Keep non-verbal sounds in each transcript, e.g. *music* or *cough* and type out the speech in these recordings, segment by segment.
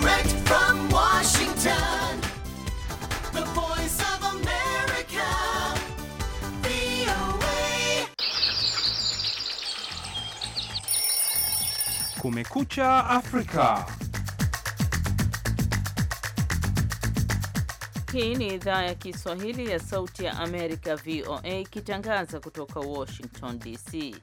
Direct from Washington, the voice of America, VOA. Kumekucha Afrika. Hii ni idhaa ya Kiswahili ya Sauti ya Amerika, VOA, ikitangaza kutoka Washington DC.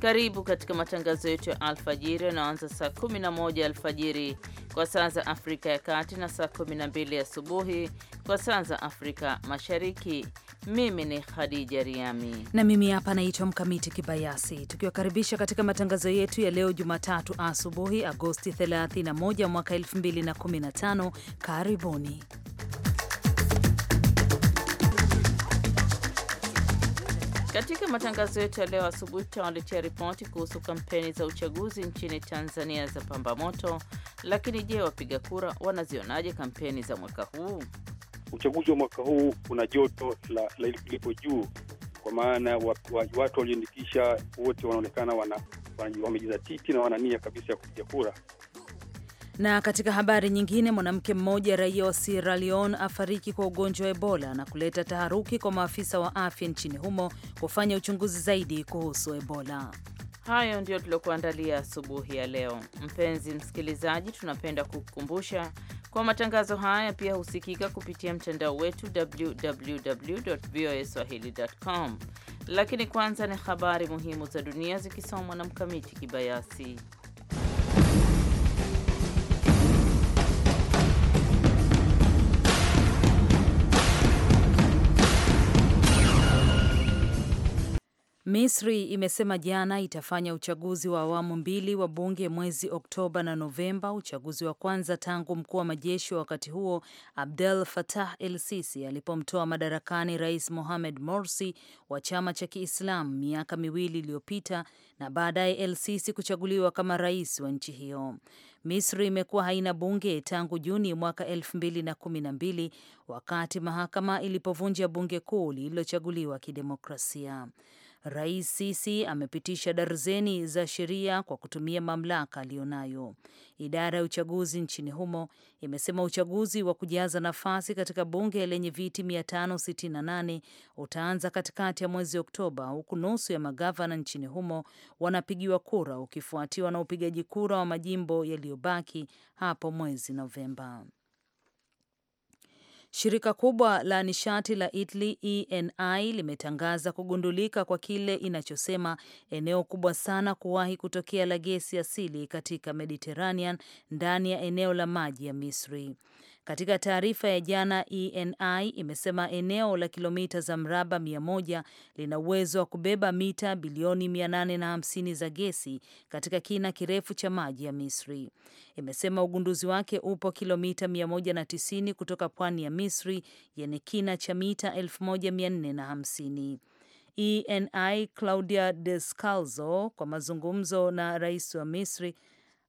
Karibu katika matangazo yetu ya alfajiri yanaanza saa 11 alfajiri kwa saa za Afrika ya Kati na saa 12 asubuhi kwa saa za Afrika Mashariki. Mimi ni Khadija Riami na mimi hapa naitwa Mkamiti Kibayasi, tukiwakaribisha katika matangazo yetu ya leo Jumatatu asubuhi, Agosti 31 mwaka 2015. Karibuni Katika matangazo yetu ya leo asubuhi tutawaletea ripoti kuhusu kampeni za uchaguzi nchini Tanzania za pambamoto. Lakini je, wapiga kura wanazionaje kampeni za mwaka huu? Uchaguzi wa mwaka huu una joto la lipo juu, kwa maana watu walioandikisha wote wanaonekana wamejizatiti na wana kabisa ya kupiga kura. Na katika habari nyingine, mwanamke mmoja raia wa Sierra Leone afariki kwa ugonjwa wa Ebola na kuleta taharuki kwa maafisa wa afya nchini humo kufanya uchunguzi zaidi kuhusu Ebola. Hayo ndiyo tuliokuandalia asubuhi ya leo. Mpenzi msikilizaji, tunapenda kukukumbusha kwa matangazo haya pia husikika kupitia mtandao wetu www www.voaswahili.com. Lakini kwanza ni habari muhimu za dunia zikisomwa na Mkamiti Kibayasi. Misri imesema jana itafanya uchaguzi wa awamu mbili wa bunge mwezi Oktoba na Novemba, uchaguzi wa kwanza tangu mkuu wa majeshi wa wakati huo Abdel Fattah El Sisi alipomtoa madarakani Rais Mohamed Morsi wa chama cha Kiislamu miaka miwili iliyopita na baadaye El Sisi kuchaguliwa kama rais wa nchi hiyo. Misri imekuwa haina bunge tangu Juni mwaka elfu mbili na kumi na mbili wakati mahakama ilipovunja bunge kuu lililochaguliwa kidemokrasia. Rais Sisi amepitisha darzeni za sheria kwa kutumia mamlaka aliyonayo. Idara ya uchaguzi nchini humo imesema uchaguzi wa kujaza nafasi katika bunge lenye viti 568 utaanza katikati ya mwezi Oktoba, huku nusu ya magavana nchini humo wanapigiwa kura, ukifuatiwa na upigaji kura wa majimbo yaliyobaki hapo mwezi Novemba. Shirika kubwa la nishati la Italy ENI limetangaza kugundulika kwa kile inachosema eneo kubwa sana kuwahi kutokea la gesi asili katika Mediterranean ndani ya eneo la maji ya Misri. Katika taarifa ya jana, ENI imesema eneo la kilomita za mraba 100 lina uwezo wa kubeba mita bilioni 850 za gesi katika kina kirefu cha maji ya Misri. Imesema ugunduzi wake upo kilomita 190 kutoka pwani ya Misri yenye kina cha mita 1450. ENI e Claudia Descalzo kwa mazungumzo na rais wa Misri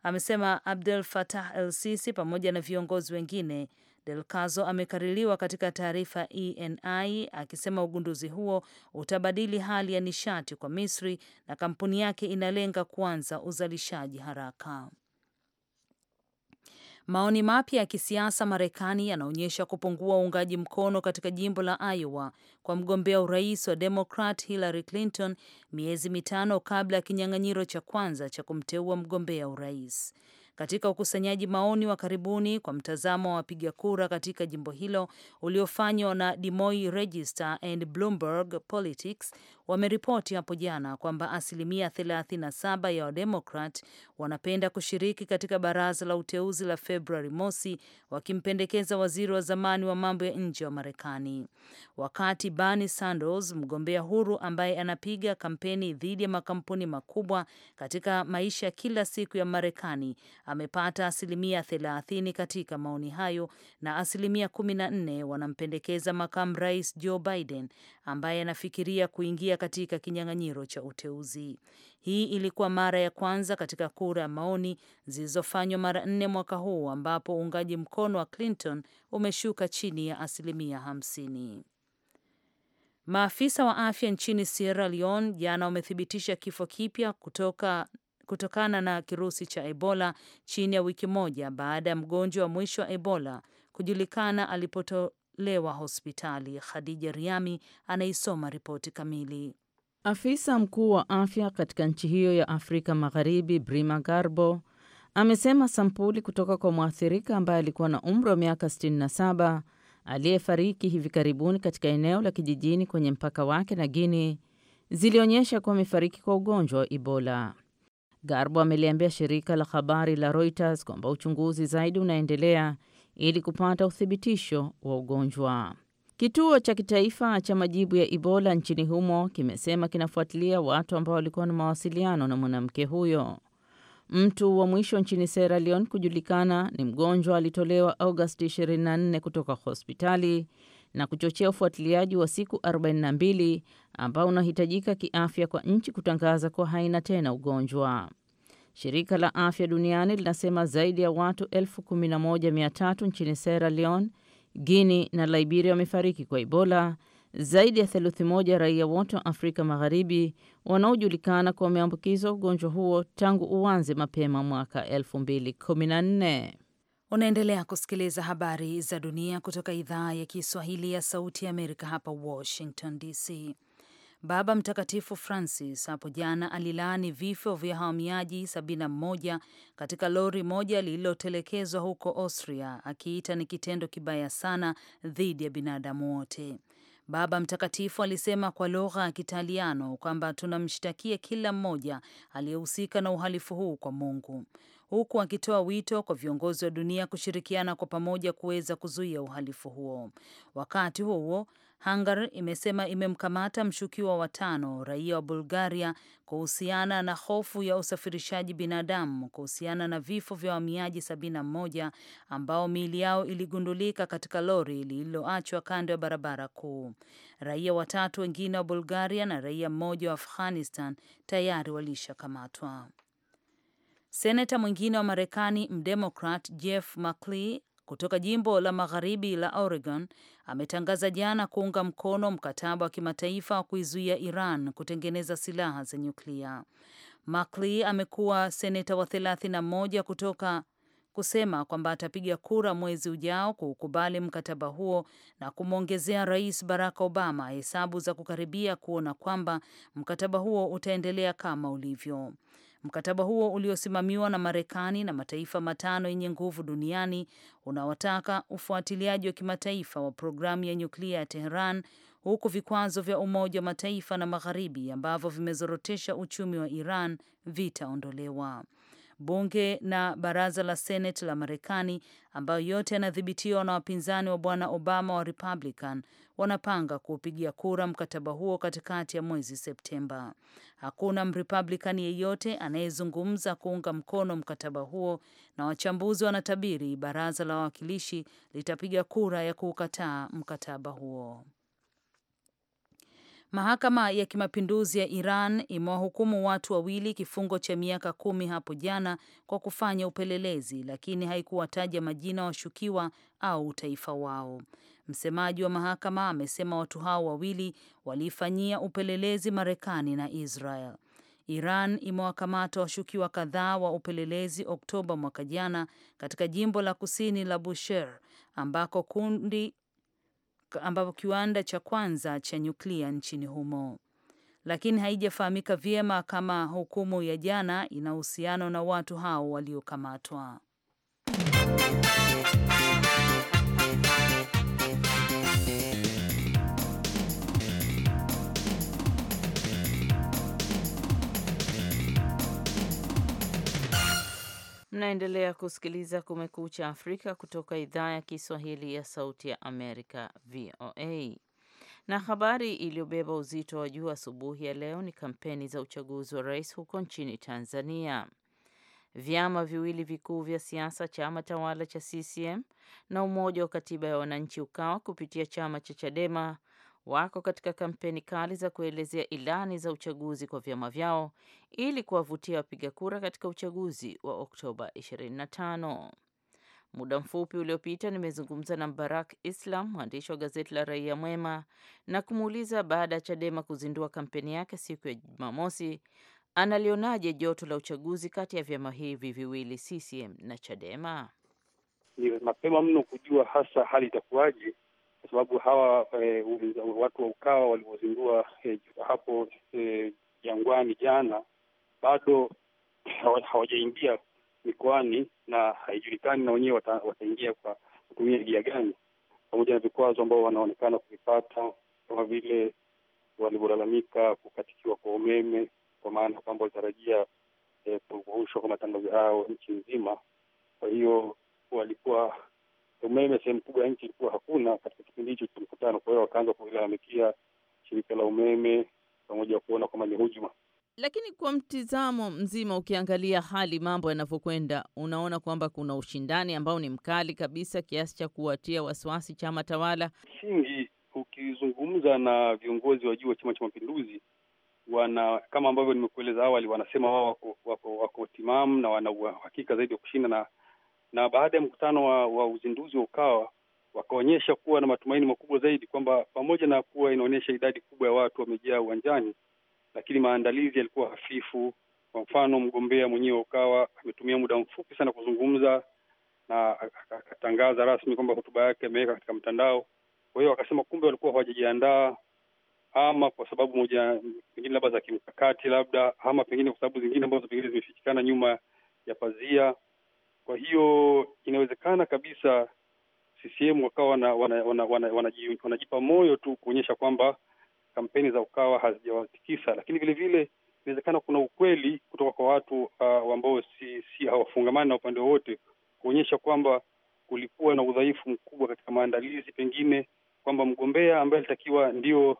amesema Abdel Fattah El Sisi pamoja na viongozi wengine. Del Caso amekaririwa katika taarifa ENI akisema ugunduzi huo utabadili hali ya nishati kwa Misri na kampuni yake inalenga kuanza uzalishaji haraka. Maoni mapya ya kisiasa Marekani yanaonyesha kupungua uungaji mkono katika jimbo la Iowa kwa mgombea urais wa Demokrat Hillary Clinton, miezi mitano kabla ya kinyang'anyiro cha kwanza cha kumteua mgombea urais. Katika ukusanyaji maoni wa karibuni kwa mtazamo wa wapiga kura katika jimbo hilo uliofanywa na Des Moines Register and Bloomberg Politics wameripoti hapo jana kwamba asilimia 37 ya Wademokrat wanapenda kushiriki katika baraza la uteuzi la Februari mosi, wakimpendekeza waziri wa zamani wa mambo ya nje wa Marekani, wakati Bernie Sanders, mgombea huru ambaye anapiga kampeni dhidi ya makampuni makubwa katika maisha ya kila siku ya Marekani, amepata asilimia 30 katika maoni hayo na asilimia 14 wanampendekeza makamu rais Joe Biden ambaye anafikiria kuingia katika kinyang'anyiro cha uteuzi. Hii ilikuwa mara ya kwanza katika kura ya maoni zilizofanywa mara nne mwaka huu ambapo uungaji mkono wa Clinton umeshuka chini ya asilimia hamsini. Maafisa wa afya nchini Sierra Leone jana wamethibitisha kifo kipya kutoka kutokana na kirusi cha Ebola chini ya wiki moja baada ya mgonjwa wa mwisho wa Ebola kujulikana alipoto, lewa hospitali. Khadija Riami anaisoma ripoti kamili. Afisa mkuu wa afya katika nchi hiyo ya Afrika Magharibi, Brima Garbo, amesema sampuli kutoka kwa mwathirika ambaye alikuwa na umri wa miaka 67 aliyefariki hivi karibuni katika eneo la kijijini kwenye mpaka wake na Guini zilionyesha kuwa amefariki kwa ugonjwa wa Ebola. Garbo ameliambia shirika la habari la Reuters kwamba uchunguzi zaidi unaendelea ili kupata uthibitisho wa ugonjwa. Kituo cha kitaifa cha majibu ya Ebola nchini humo kimesema kinafuatilia watu ambao walikuwa na mawasiliano na mwanamke huyo. Mtu wa mwisho nchini Sierra Leone kujulikana ni mgonjwa alitolewa Agosti 24 kutoka hospitali na kuchochea ufuatiliaji wa siku 42 ambao unahitajika kiafya kwa nchi kutangaza kuwa haina tena ugonjwa. Shirika la Afya Duniani linasema zaidi ya watu 11,300 nchini Sierra Leone, Guinea na Liberia wamefariki kwa Ebola. Zaidi ya theluthi moja raia wote wa Afrika Magharibi wanaojulikana kwa wameambukizwa ugonjwa huo tangu uanze mapema mwaka 2014. Unaendelea kusikiliza habari za dunia kutoka idhaa ya Kiswahili ya Sauti ya Amerika hapa Washington DC. Baba Mtakatifu Francis hapo jana alilaani vifo vya wahamiaji 71 katika lori moja lililotelekezwa huko Austria, akiita ni kitendo kibaya sana dhidi ya binadamu wote. Baba Mtakatifu alisema kwa lugha ya Kitaliano kwamba tunamshtakia kila mmoja aliyehusika na uhalifu huu kwa Mungu, huku akitoa wito kwa viongozi wa dunia kushirikiana kwa pamoja kuweza kuzuia uhalifu huo. Wakati huo huo, Hungar imesema imemkamata mshukiwa watano raia wa Bulgaria kuhusiana na hofu ya usafirishaji binadamu kuhusiana na vifo vya wahamiaji 71 ambao miili yao iligundulika katika lori lililoachwa kando ya barabara kuu. Raia watatu wengine wa Bulgaria na raia mmoja wa Afghanistan tayari walishakamatwa. Seneta mwingine wa Marekani mdemokrat Jeff McClee kutoka jimbo la magharibi la Oregon ametangaza jana kuunga mkono mkataba wa kimataifa wa kuizuia Iran kutengeneza silaha za nyuklia. Makli amekuwa seneta wa moja kutoka kusema kwamba atapiga kura mwezi ujao kuukubali mkataba huo na kumwongezea Rais Barack Obama hesabu za kukaribia kuona kwamba mkataba huo utaendelea kama ulivyo. Mkataba huo uliosimamiwa na Marekani na mataifa matano yenye nguvu duniani unawataka ufuatiliaji wa kimataifa wa programu ya nyuklia ya Tehran huku vikwazo vya Umoja wa Mataifa na Magharibi ambavyo vimezorotesha uchumi wa Iran vitaondolewa. Bunge na baraza la Senate la Marekani ambayo yote yanadhibitiwa na wapinzani wa Bwana Obama wa Republican wanapanga kuupigia kura mkataba huo katikati ya mwezi Septemba. Hakuna Mrepublican yeyote anayezungumza kuunga mkono mkataba huo, na wachambuzi wanatabiri baraza la wawakilishi litapiga kura ya kuukataa mkataba huo. Mahakama ya Kimapinduzi ya Iran imewahukumu watu wawili kifungo cha miaka kumi hapo jana kwa kufanya upelelezi, lakini haikuwataja majina washukiwa au taifa wao. Msemaji wa mahakama amesema watu hao wawili waliifanyia upelelezi Marekani na Israel. Iran imewakamata washukiwa kadhaa wa upelelezi Oktoba mwaka jana katika jimbo la kusini la Bushehr ambako kundi ambapo kiwanda cha kwanza cha nyuklia nchini humo, lakini haijafahamika vyema kama hukumu ya jana ina uhusiano na watu hao waliokamatwa. Mnaendelea kusikiliza Kumekucha Afrika kutoka idhaa ya Kiswahili ya Sauti ya Amerika, VOA. Na habari iliyobeba uzito wa juu asubuhi ya leo ni kampeni za uchaguzi wa rais huko nchini Tanzania. Vyama viwili vikuu vya siasa, chama tawala cha CCM na Umoja wa Katiba ya Wananchi, UKAWA, kupitia chama cha CHADEMA wako katika kampeni kali za kuelezea ilani za uchaguzi kwa vyama vyao ili kuwavutia wapiga kura katika uchaguzi wa Oktoba 25. Muda mfupi uliopita nimezungumza na Mbarak Islam, mwandishi wa gazeti la Raia Mwema, na kumuuliza baada ya Chadema kuzindua kampeni yake siku ya Jumamosi, analionaje joto la uchaguzi kati ya vyama hivi viwili, CCM na Chadema. Ni mapema mno kujua hasa hali itakuwaje kwa sababu hawa e, watu wa Ukawa waliozindua e, hapo e, Jangwani jana bado hawajaingia mikoani na haijulikani na wenyewe wata, wataingia kwa kutumia njia gani, pamoja na vikwazo ambao wanaonekana kuvipata kama vile walivyolalamika kukatikiwa kwa umeme, kwa maana kwamba walitarajia e, kurushwa kwa matangazo yao nchi nzima. Kwa hiyo walikuwa umeme sehemu kubwa ya nchi ilikuwa hakuna katika kipindi hicho cha mkutano. Kwa hiyo wakaanza kuilalamikia shirika la umeme pamoja na kuona kwamba ni hujuma. Lakini kwa mtizamo mzima, ukiangalia hali mambo yanavyokwenda, unaona kwamba kuna ushindani ambao ni mkali kabisa kiasi cha kuwatia wasiwasi chama tawala. Msingi ukizungumza na viongozi wa juu wa Chama cha Mapinduzi, wana kama ambavyo nimekueleza awali, wanasema wao wako, wako, wako timamu na wana uhakika zaidi wa kushinda na na baada ya mkutano wa, wa uzinduzi wa UKAWA wakaonyesha kuwa na matumaini makubwa zaidi kwamba pamoja na kuwa inaonyesha idadi kubwa ya watu wamejaa uwanjani, lakini maandalizi yalikuwa hafifu. Kwa mfano, mgombea mwenyewe wa UKAWA ametumia muda mfupi sana kuzungumza na akatangaza rasmi kwamba hotuba yake ameweka katika mtandao. Kwa hiyo wakasema kumbe walikuwa hawajajiandaa, ama kwa sababu moja pengine labda za kimkakati, labda ama pengine kwa sababu zingine ambazo pengine zimefichikana nyuma ya pazia. Kwa hiyo inawezekana kabisa CCM wakawa wanajipa wana, wana, wana, wana moyo tu kuonyesha kwamba kampeni za Ukawa hazijawatikisa, lakini vilevile inawezekana kuna ukweli kutoka kwa watu uh, ambao si, si hawafungamani na upande wowote kuonyesha kwamba kulikuwa na udhaifu mkubwa katika maandalizi, pengine kwamba mgombea ambaye alitakiwa ndio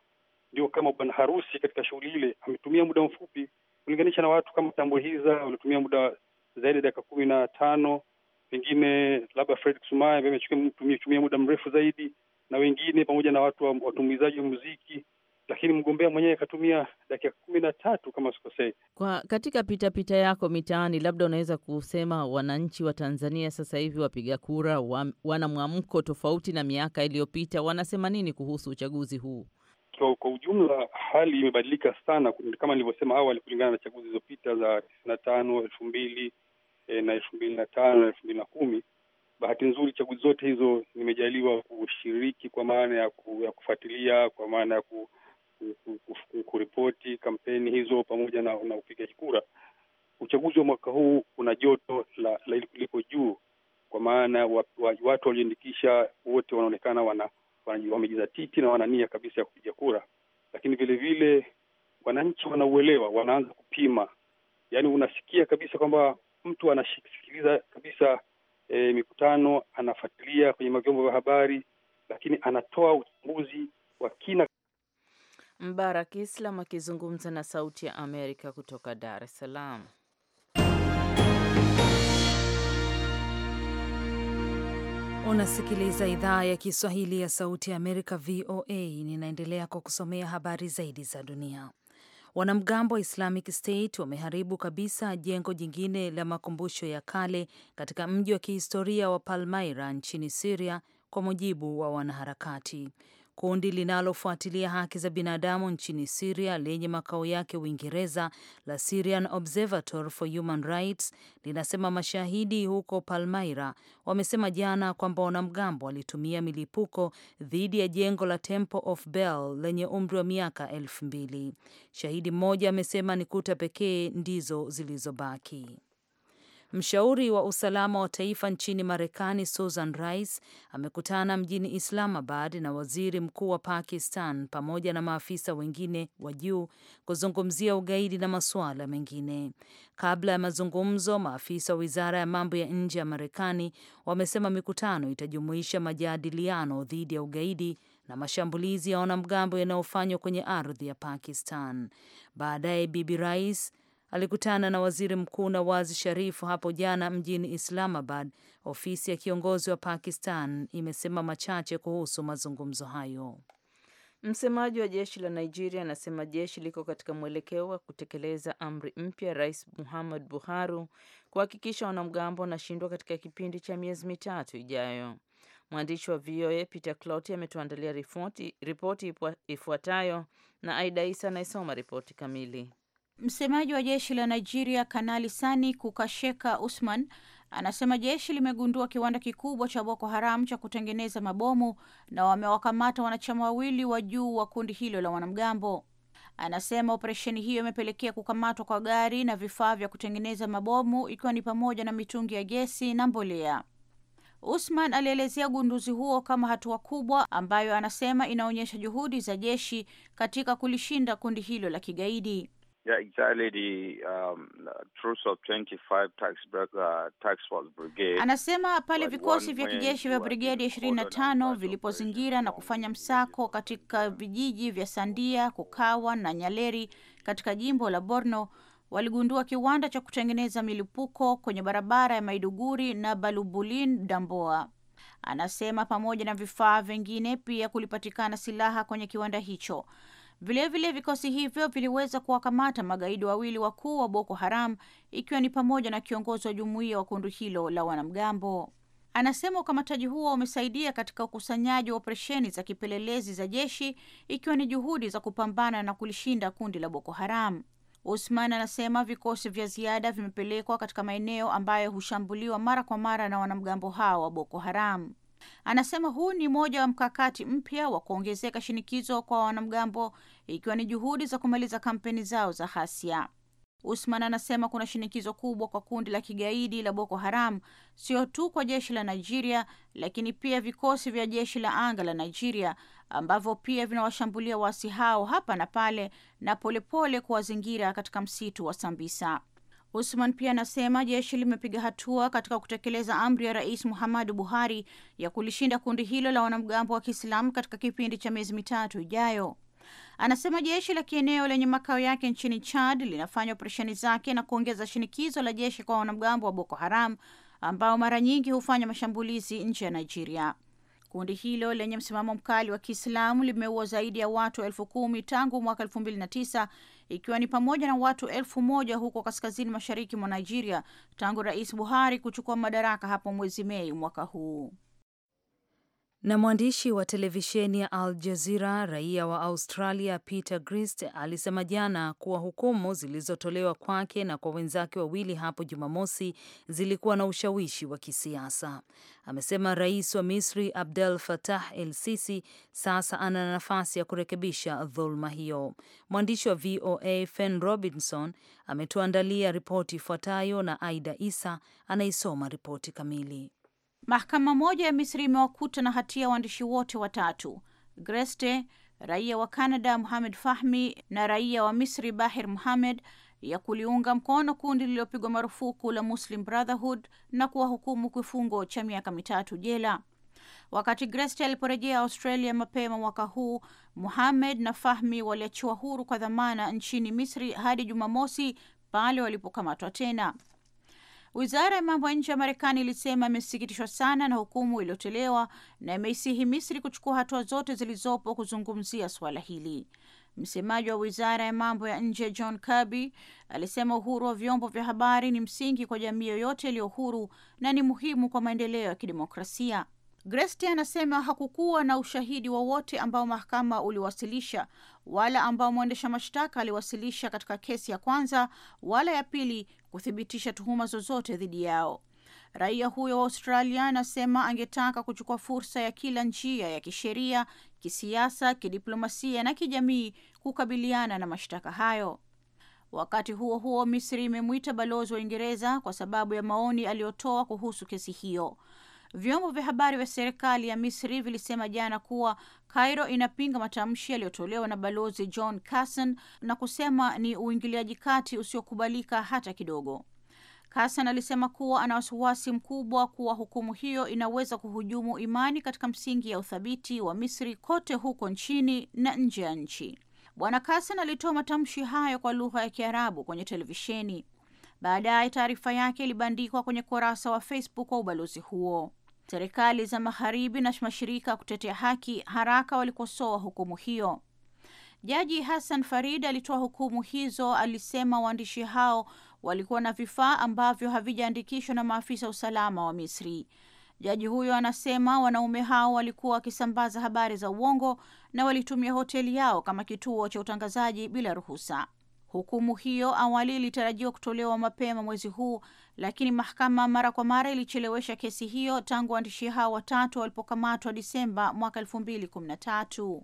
ndio kama bwana harusi katika shughuli ile ametumia muda mfupi kulinganisha na watu kama Tambuhiza waliotumia muda zaidi ya dakika kumi na tano pengine labda Fred Kisumaya ambaye ametumia muda mrefu zaidi na wengine pamoja na watu watumizaji wa muziki, lakini mgombea mwenyewe akatumia dakika kumi na tatu kama sikosei. Kwa katika pitapita pita yako mitaani, labda unaweza kusema wananchi wa Tanzania sasa hivi wapiga kura wa, wana mwamko tofauti na miaka iliyopita, wanasema nini kuhusu uchaguzi huu? So, kwa ujumla hali imebadilika sana kama nilivyosema awali kulingana na chaguzi zilizopita za tisini na tano elfu mbili e, na elfu mbili na tano na elfu mbili na kumi. Bahati nzuri chaguzi zote hizo nimejaliwa kushiriki kwa maana ya, ku, ya kufuatilia kwa maana ya ku, ku, ku, ku, kuripoti kampeni hizo pamoja na, na upigaji kura. Uchaguzi wa mwaka huu kuna joto la, la liko juu kwa maana wa, wa, watu walioandikisha wote wanaonekana wana, wana, wamejizatiti na wanania kabisa ya kupiga kura, lakini vile vile wananchi wanauelewa, wanaanza kupima. Yani unasikia kabisa kwamba mtu anasikiliza kabisa e, mikutano, anafuatilia kwenye vyombo vya habari, lakini anatoa uchambuzi wa kina. Mbarak Islam akizungumza na Sauti ya Amerika kutoka Dar es Salaam. Unasikiliza idhaa ya Kiswahili ya Sauti ya Amerika, VOA. Ninaendelea kwa kusomea habari zaidi za dunia. Wanamgambo wa Islamic State wameharibu kabisa jengo jingine la makumbusho ya kale katika mji wa kihistoria wa Palmaira nchini Siria, kwa mujibu wa wanaharakati. Kundi linalofuatilia haki za binadamu nchini Siria lenye makao yake Uingereza la Syrian Observatory for Human Rights linasema mashahidi huko Palmaira wamesema jana kwamba wanamgambo walitumia milipuko dhidi ya jengo la Temple of Bell lenye umri wa miaka elfu mbili. Shahidi mmoja amesema ni kuta pekee ndizo zilizobaki. Mshauri wa usalama wa taifa nchini Marekani Susan Rice amekutana mjini Islamabad na waziri mkuu wa Pakistan pamoja na maafisa wengine wa juu kuzungumzia ugaidi na masuala mengine. Kabla ya mazungumzo, maafisa wa wizara ya mambo ya nje ya Marekani wamesema mikutano itajumuisha majadiliano dhidi ya ugaidi na mashambulizi ya wanamgambo yanayofanywa kwenye ardhi ya Pakistan. Baadaye Bibi Rais alikutana na waziri mkuu Nawaz Sharif hapo jana mjini Islamabad. Ofisi ya kiongozi wa Pakistan imesema machache kuhusu mazungumzo hayo. Msemaji wa jeshi la Nigeria anasema jeshi liko katika mwelekeo wa kutekeleza amri mpya Rais Muhammad Buhari kuhakikisha wanamgambo wanashindwa katika kipindi cha miezi mitatu ijayo. Mwandishi wa VOA Peter Cloti ametuandalia ripoti ifuatayo, na Aida Isa anayesoma ripoti kamili. Msemaji wa jeshi la Nigeria, Kanali Sani Kukasheka Usman, anasema jeshi limegundua kiwanda kikubwa cha Boko Haram cha kutengeneza mabomu na wamewakamata wanachama wawili wa juu wa kundi hilo la wanamgambo. Anasema operesheni hiyo imepelekea kukamatwa kwa gari na vifaa vya kutengeneza mabomu ikiwa ni pamoja na mitungi ya gesi na mbolea. Usman alielezea ugunduzi huo kama hatua kubwa ambayo anasema inaonyesha juhudi za jeshi katika kulishinda kundi hilo la kigaidi. Yeah, exactly the um, troops of 25 tax, uh, tax force brigade. Anasema pale vikosi vya kijeshi vya brigedi 25 vilipozingira na kufanya msako katika vijiji vya Sandia, Kukawa na Nyaleri katika jimbo la Borno waligundua kiwanda cha kutengeneza milipuko kwenye barabara ya Maiduguri na Balubulin Damboa. Anasema pamoja na vifaa vingine pia kulipatikana silaha kwenye kiwanda hicho. Vilevile vikosi hivyo viliweza kuwakamata magaidi wawili wakuu wa Boko Haram, ikiwa ni pamoja na kiongozi wa jumuiya wa kundi hilo la wanamgambo. Anasema ukamataji huo umesaidia katika ukusanyaji wa operesheni za kipelelezi za jeshi, ikiwa ni juhudi za kupambana na kulishinda kundi la Boko Haram. Usman anasema vikosi vya ziada vimepelekwa katika maeneo ambayo hushambuliwa mara kwa mara na wanamgambo hao wa Boko Haram. Anasema huu ni moja wa mkakati mpya wa kuongezeka shinikizo kwa wanamgambo, ikiwa ni juhudi za kumaliza kampeni zao za ghasia. Usman anasema kuna shinikizo kubwa kwa kundi la kigaidi la Boko Haram, sio tu kwa jeshi la Nigeria, lakini pia vikosi vya jeshi la anga la Nigeria ambavyo pia vinawashambulia waasi hao hapa na pale na polepole kuwazingira katika msitu wa Sambisa. Usman pia anasema jeshi limepiga hatua katika kutekeleza amri ya Rais Muhammadu Buhari ya kulishinda kundi hilo la wanamgambo wa Kiislamu katika kipindi cha miezi mitatu ijayo. Anasema jeshi la kieneo lenye makao yake nchini Chad linafanya operesheni zake na kuongeza shinikizo la jeshi kwa wanamgambo wa Boko Haram ambao mara nyingi hufanya mashambulizi nje ya Nigeria. Kundi hilo lenye msimamo mkali wa Kiislamu limeua zaidi ya watu elfu kumi tangu mwaka elfu mbili na tisa ikiwa ni pamoja na watu elfu moja huko kaskazini mashariki mwa Nigeria tangu Rais Buhari kuchukua madaraka hapo mwezi Mei mwaka huu. Na mwandishi wa televisheni ya Al Jazeera raia wa Australia Peter Grist alisema jana kuwa hukumu zilizotolewa kwake na kwa wenzake wawili hapo Jumamosi zilikuwa na ushawishi wa kisiasa. Amesema rais wa Misri Abdel Fattah El Sisi sasa ana nafasi ya kurekebisha dhuluma hiyo. Mwandishi wa VOA Fen Robinson ametuandalia ripoti ifuatayo na Aida Isa anaisoma ripoti kamili. Mahakama moja ya Misri imewakuta na hatia waandishi wote watatu, Greste, raia wa Canada muhamed Fahmi na raia wa Misri Bahir Muhamed, ya kuliunga mkono kundi lililopigwa marufuku la Muslim Brotherhood na kuwahukumu kifungo cha miaka mitatu jela. Wakati Greste aliporejea Australia mapema mwaka huu, Muhamed na Fahmi waliachiwa huru kwa dhamana nchini Misri hadi Jumamosi pale walipokamatwa tena. Wizara ya mambo ya nje ya Marekani ilisema imesikitishwa sana na hukumu iliyotolewa na imeisihi Misri kuchukua hatua zote zilizopo kuzungumzia suala hili. Msemaji wa wizara ya mambo ya nje John Kirby alisema uhuru wa vyombo vya habari ni msingi kwa jamii yoyote iliyo huru na ni muhimu kwa maendeleo ya kidemokrasia. Gresti anasema hakukuwa na ushahidi wowote ambao mahakama uliwasilisha wala ambao mwendesha mashtaka aliwasilisha katika kesi ya kwanza wala ya pili kuthibitisha tuhuma zozote dhidi yao. Raia huyo wa Australia anasema angetaka kuchukua fursa ya kila njia ya kisheria, kisiasa, kidiplomasia na kijamii kukabiliana na mashtaka hayo. Wakati huo huo, Misri imemwita balozi wa Uingereza kwa sababu ya maoni aliyotoa kuhusu kesi hiyo. Vyombo vya habari vya serikali ya Misri vilisema jana kuwa Cairo inapinga matamshi yaliyotolewa na balozi John Carson na kusema ni uingiliaji kati usiokubalika hata kidogo. Carson alisema kuwa ana wasiwasi mkubwa kuwa hukumu hiyo inaweza kuhujumu imani katika msingi ya uthabiti wa Misri kote huko nchini na nje ya nchi. Bwana Carson alitoa matamshi hayo kwa lugha ya Kiarabu kwenye televisheni. Baadaye taarifa yake ilibandikwa kwenye kurasa wa Facebook wa ubalozi huo. Serikali za magharibi na mashirika kutetea haki haraka walikosoa hukumu hiyo. Jaji Hassan Farid alitoa hukumu hizo, alisema waandishi hao walikuwa na vifaa ambavyo havijaandikishwa na maafisa usalama wa Misri. Jaji huyo anasema wanaume hao walikuwa wakisambaza habari za uongo na walitumia hoteli yao kama kituo cha utangazaji bila ruhusa. Hukumu hiyo awali ilitarajiwa kutolewa mapema mwezi huu, lakini mahakama mara kwa mara ilichelewesha kesi hiyo tangu waandishi hao watatu walipokamatwa Disemba mwaka elfu mbili kumi na tatu.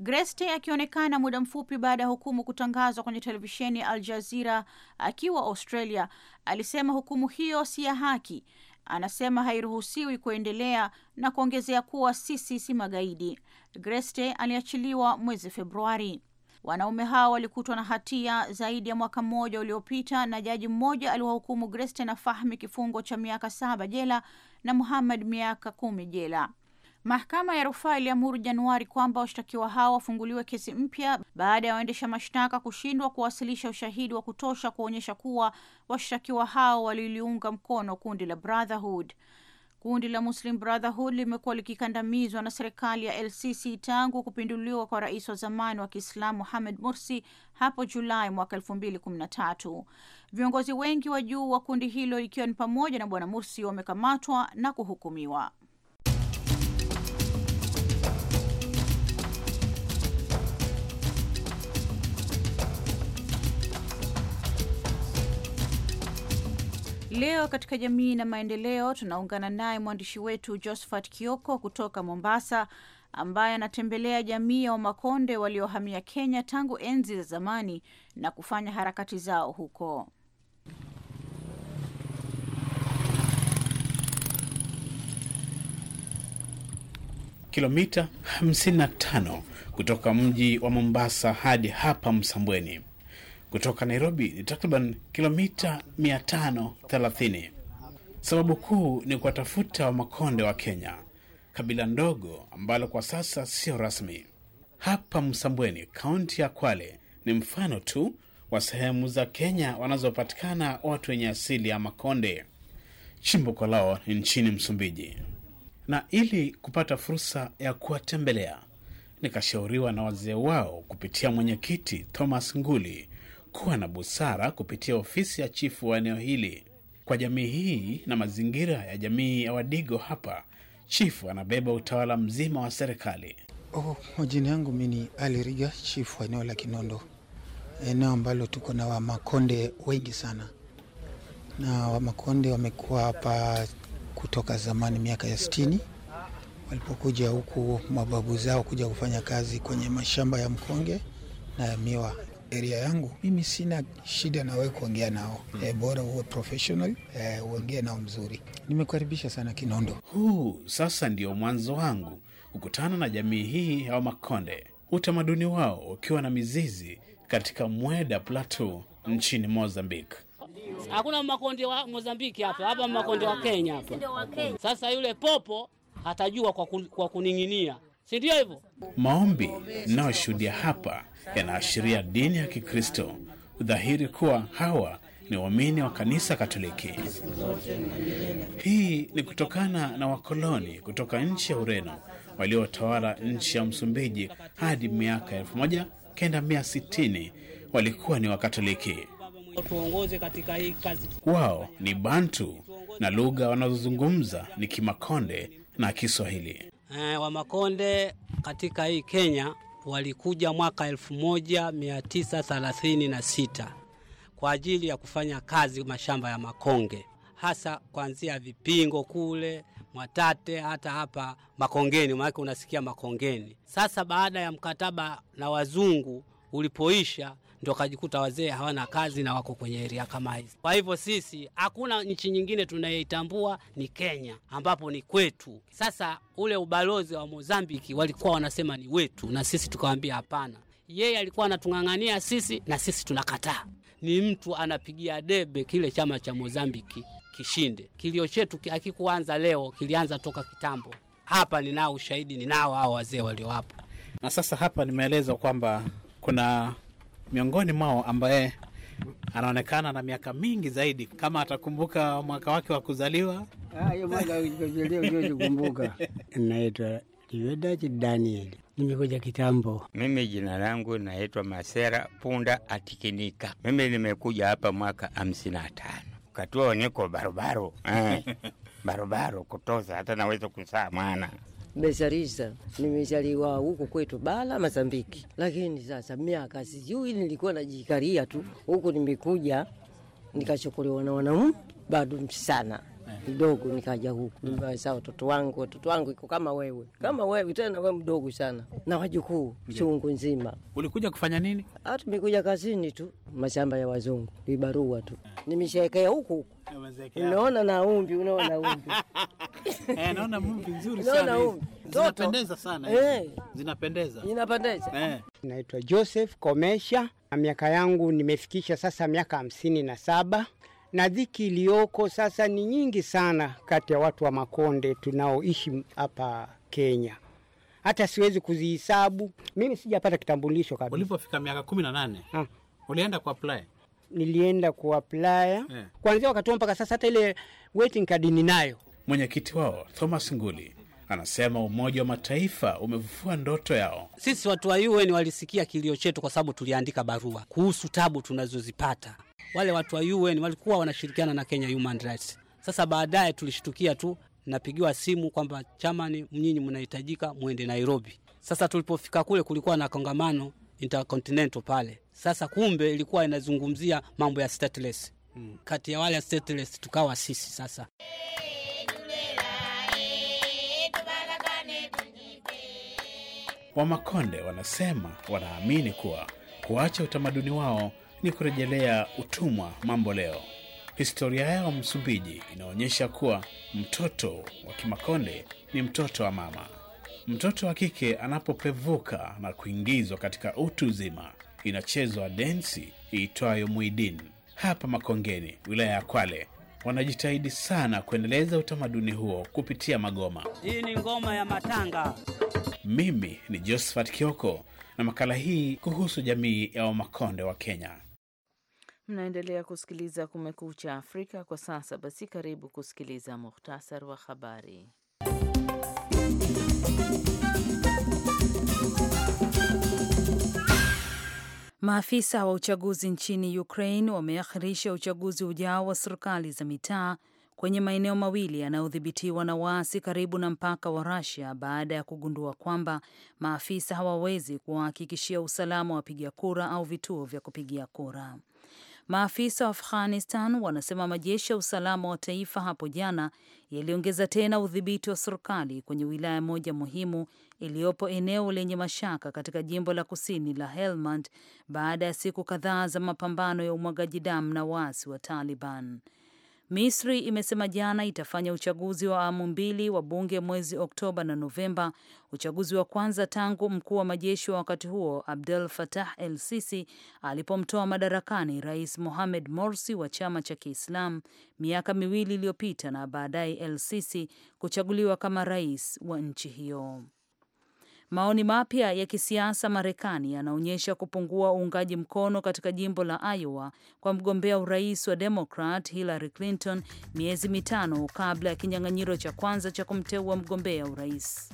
Greste akionekana muda mfupi baada ya hukumu kutangazwa kwenye televisheni ya Al Jazeera akiwa Australia, alisema hukumu hiyo si ya haki. Anasema hairuhusiwi kuendelea na kuongezea kuwa sisi si magaidi. Greste aliachiliwa mwezi Februari. Wanaume hao walikutwa na hatia zaidi ya mwaka mmoja uliopita na jaji mmoja aliwahukumu Greste na Fahmi kifungo cha miaka saba jela na Muhammad miaka kumi jela. Mahakama ya rufaa iliamuru Januari kwamba washtakiwa hao wafunguliwe kesi mpya baada ya waendesha mashtaka kushindwa kuwasilisha ushahidi wa kutosha kuonyesha kuwa washtakiwa hao waliliunga mkono kundi la Brotherhood. Kundi la Muslim Brotherhood limekuwa likikandamizwa na serikali ya LCC tangu kupinduliwa kwa rais wa zamani wa Kiislamu Mohamed Mursi hapo Julai mwaka 2013. Viongozi wengi wa juu wa kundi hilo ikiwa ni pamoja na Bwana Mursi wamekamatwa na kuhukumiwa. leo katika jamii na maendeleo tunaungana naye mwandishi wetu josphat Kioko kutoka Mombasa, ambaye anatembelea jamii ya Wamakonde waliohamia Kenya tangu enzi za zamani na kufanya harakati zao huko. Kilomita 55 kutoka mji wa Mombasa hadi hapa Msambweni kutoka Nairobi ni takriban kilomita 530. Sababu kuu ni kuwatafuta Makonde wa Kenya, kabila ndogo ambalo kwa sasa sio rasmi. Hapa Msambweni, kaunti ya Kwale, ni mfano tu wa sehemu za Kenya wanazopatikana watu wenye asili ya Makonde. Chimbuko lao ni nchini Msumbiji, na ili kupata fursa ya kuwatembelea nikashauriwa na wazee wao kupitia mwenyekiti Thomas Nguli kuwa na busara kupitia ofisi ya chifu wa eneo hili. Kwa jamii hii na mazingira ya jamii ya Wadigo hapa, chifu anabeba utawala mzima wa serikali. Oh, majina yangu mi ni Ali Riga, chifu wa eneo la Kinondo, eneo ambalo tuko na Wamakonde wengi sana, na Wamakonde wamekuwa hapa kutoka zamani, miaka ya sitini walipokuja huku mababu zao kuja kufanya kazi kwenye mashamba ya mkonge na ya miwa area yangu mimi sina shida na wewe kuongea nao mm. E, bora uwe professional e, uongee nao mzuri. Nimekukaribisha sana Kinondo. Huu sasa ndio mwanzo wangu kukutana na jamii hii ya Makonde, utamaduni wao ukiwa na mizizi katika Mweda Plateau nchini Mozambique. Hakuna Makonde wa Mozambiki hapa, hapa Makonde wa Kenya hapa. Sasa yule popo hatajua kwa, kun, kwa kuning'inia, si ndio hivyo? Maombi nayoshuhudia hapa yanaashiria dini ya Kikristo, dhahiri kuwa hawa ni waamini wa kanisa Katoliki. Hii ni kutokana na wakoloni kutoka nchi ya Ureno waliotawala nchi ya Msumbiji hadi miaka 1960 walikuwa ni Wakatoliki. Wao ni Bantu na lugha wanazozungumza ni Kimakonde na Kiswahili. Eh, Wamakonde katika hii Kenya walikuja mwaka 1936 kwa ajili ya kufanya kazi mashamba ya makonge, hasa kuanzia Vipingo kule Mwatate, hata hapa Makongeni, maanake unasikia Makongeni. Sasa baada ya mkataba na wazungu ulipoisha ndio kajikuta wazee hawana kazi na wako kwenye eria kama hizi. Kwa hivyo sisi, hakuna nchi nyingine tunayoitambua ni Kenya, ambapo ni kwetu. Sasa ule ubalozi wa Mozambiki walikuwa wanasema ni wetu, na sisi tukawaambia hapana. Yeye alikuwa anatung'ang'ania sisi, na sisi tunakataa. Ni mtu anapigia debe kile chama cha Mozambiki kishinde. Kilio chetu hakikuanza leo, kilianza toka kitambo. Hapa ninao ushahidi, ninao hao wazee walio hapa. Na sasa hapa nimeelezwa kwamba kuna miongoni mwao ambaye anaonekana na miaka mingi zaidi, kama atakumbuka mwaka wake wa kuzaliwa. Ah, hiyo *laughs* Naitwa Liwedachi Daniel, nimekuja kitambo. Mimi jina langu naitwa Masera Punda Atikinika. Mimi nimekuja hapa mwaka hamsini na tano katua niko barobaro eh, *laughs* barobaro kutoza hata naweza kusaa mwana mezariza nimezaliwa huko kwetu Bala Mazambiki, lakini sasa miaka sijui, nilikuwa najikaria tu huku, nimekuja nikachukuliwa na wanaume bado sana kidogo eh. nikaja huku mm. saa watoto wangu watoto wangu iko kama wewe kama wewe tena wewe mdogo sana na wajukuu chungu nzima ulikuja kufanya nini ah, tumekuja kazini tu mashamba ya wazungu ibarua tu tu nimeshaekea huku huku unaona na umbi unaona umbi *laughs* eh, naona mumbi nzuri sana umbi. zinapendeza sana eh. zinapendeza zinapendeza eh. naitwa joseph komesha miaka yangu nimefikisha sasa miaka hamsini na saba na dhiki iliyoko sasa ni nyingi sana kati ya watu wa Makonde tunaoishi hapa Kenya hata siwezi kuzihisabu. Mimi sijapata kitambulisho kabisa. Ulipofika miaka kumi na nane ah. ulienda kuapply? Nilienda kuapply yeah. Kuanzia wakati mpaka sasa hata ile waiting card nayo Mwenyekiti wao Thomas Nguli anasema Umoja wa Mataifa umevufua ndoto yao. Sisi watu wa UN walisikia kilio chetu, kwa sababu tuliandika barua kuhusu tabu tunazozipata wale watu wa UN walikuwa wanashirikiana na Kenya Human Rights. Sasa baadaye tulishtukia tu, napigiwa simu kwamba chamani, mnyinyi mnahitajika mwende Nairobi. Sasa tulipofika kule kulikuwa na kongamano Intercontinental pale. Sasa kumbe ilikuwa inazungumzia mambo ya stateless. Hmm. Kati ya wale stateless tukawa sisi sasa. Wamakonde wanasema wanaamini kuwa kuacha utamaduni wao ni kurejelea utumwa mambo leo. Historia yao Msumbiji inaonyesha kuwa mtoto wa Kimakonde ni mtoto wa mama. Mtoto wa kike anapopevuka na kuingizwa katika utu uzima, inachezwa densi iitwayo Muidin. Hapa Makongeni, wilaya ya Kwale, wanajitahidi sana kuendeleza utamaduni huo kupitia magoma. Hii ni ngoma ya matanga. Mimi ni Josephat Kioko na makala hii kuhusu jamii ya Wamakonde wa Kenya. Mnaendelea kusikiliza Kumekucha Afrika kwa sasa. Basi karibu kusikiliza muhtasari wa habari. Maafisa wa uchaguzi nchini Ukraine wameakhirisha uchaguzi ujao wa serikali za mitaa kwenye maeneo mawili yanayodhibitiwa na waasi karibu na mpaka wa Russia baada ya kugundua kwamba maafisa hawawezi kuwahakikishia usalama wa wapiga kura au vituo vya kupigia kura. Maafisa wa Afghanistan wanasema majeshi ya usalama wa taifa hapo jana yaliongeza tena udhibiti wa serikali kwenye wilaya moja muhimu iliyopo eneo lenye mashaka katika jimbo la kusini la Helmand baada ya siku kadhaa za mapambano ya umwagaji damu na waasi wa Taliban. Misri imesema jana itafanya uchaguzi wa awamu mbili wa bunge mwezi Oktoba na Novemba, uchaguzi wa kwanza tangu mkuu wa majeshi wa wakati huo Abdel Fattah el Sisi alipomtoa madarakani Rais Mohamed Morsi wa chama cha Kiislam miaka miwili iliyopita, na baadaye el Sisi kuchaguliwa kama rais wa nchi hiyo. Maoni mapya ya kisiasa Marekani yanaonyesha kupungua uungaji mkono katika jimbo la Iowa kwa mgombea urais wa Demokrat Hillary Clinton, miezi mitano kabla ya kinyang'anyiro cha kwanza cha kumteua mgombea urais.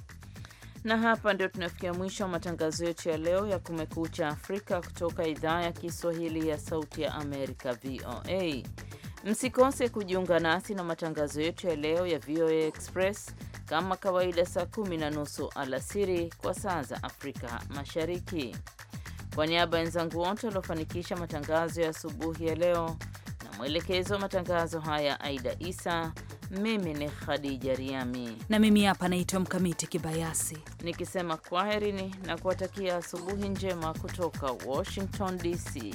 Na hapa ndio tunafikia mwisho wa matangazo yetu ya leo ya Kumekucha Afrika kutoka idhaa ya Kiswahili ya Sauti ya Amerika, VOA. Msikose kujiunga nasi na matangazo yetu ya leo ya VOA Express kama kawaida, saa kumi na nusu alasiri kwa saa za Afrika Mashariki. Kwa niaba ya wenzangu wote waliofanikisha matangazo ya asubuhi ya leo na mwelekezo wa matangazo haya Aida Isa, mimi ni Khadija Riami na mimi hapa naitwa Mkamiti Kibayasi nikisema kwaherini na kuwatakia asubuhi njema kutoka Washington DC.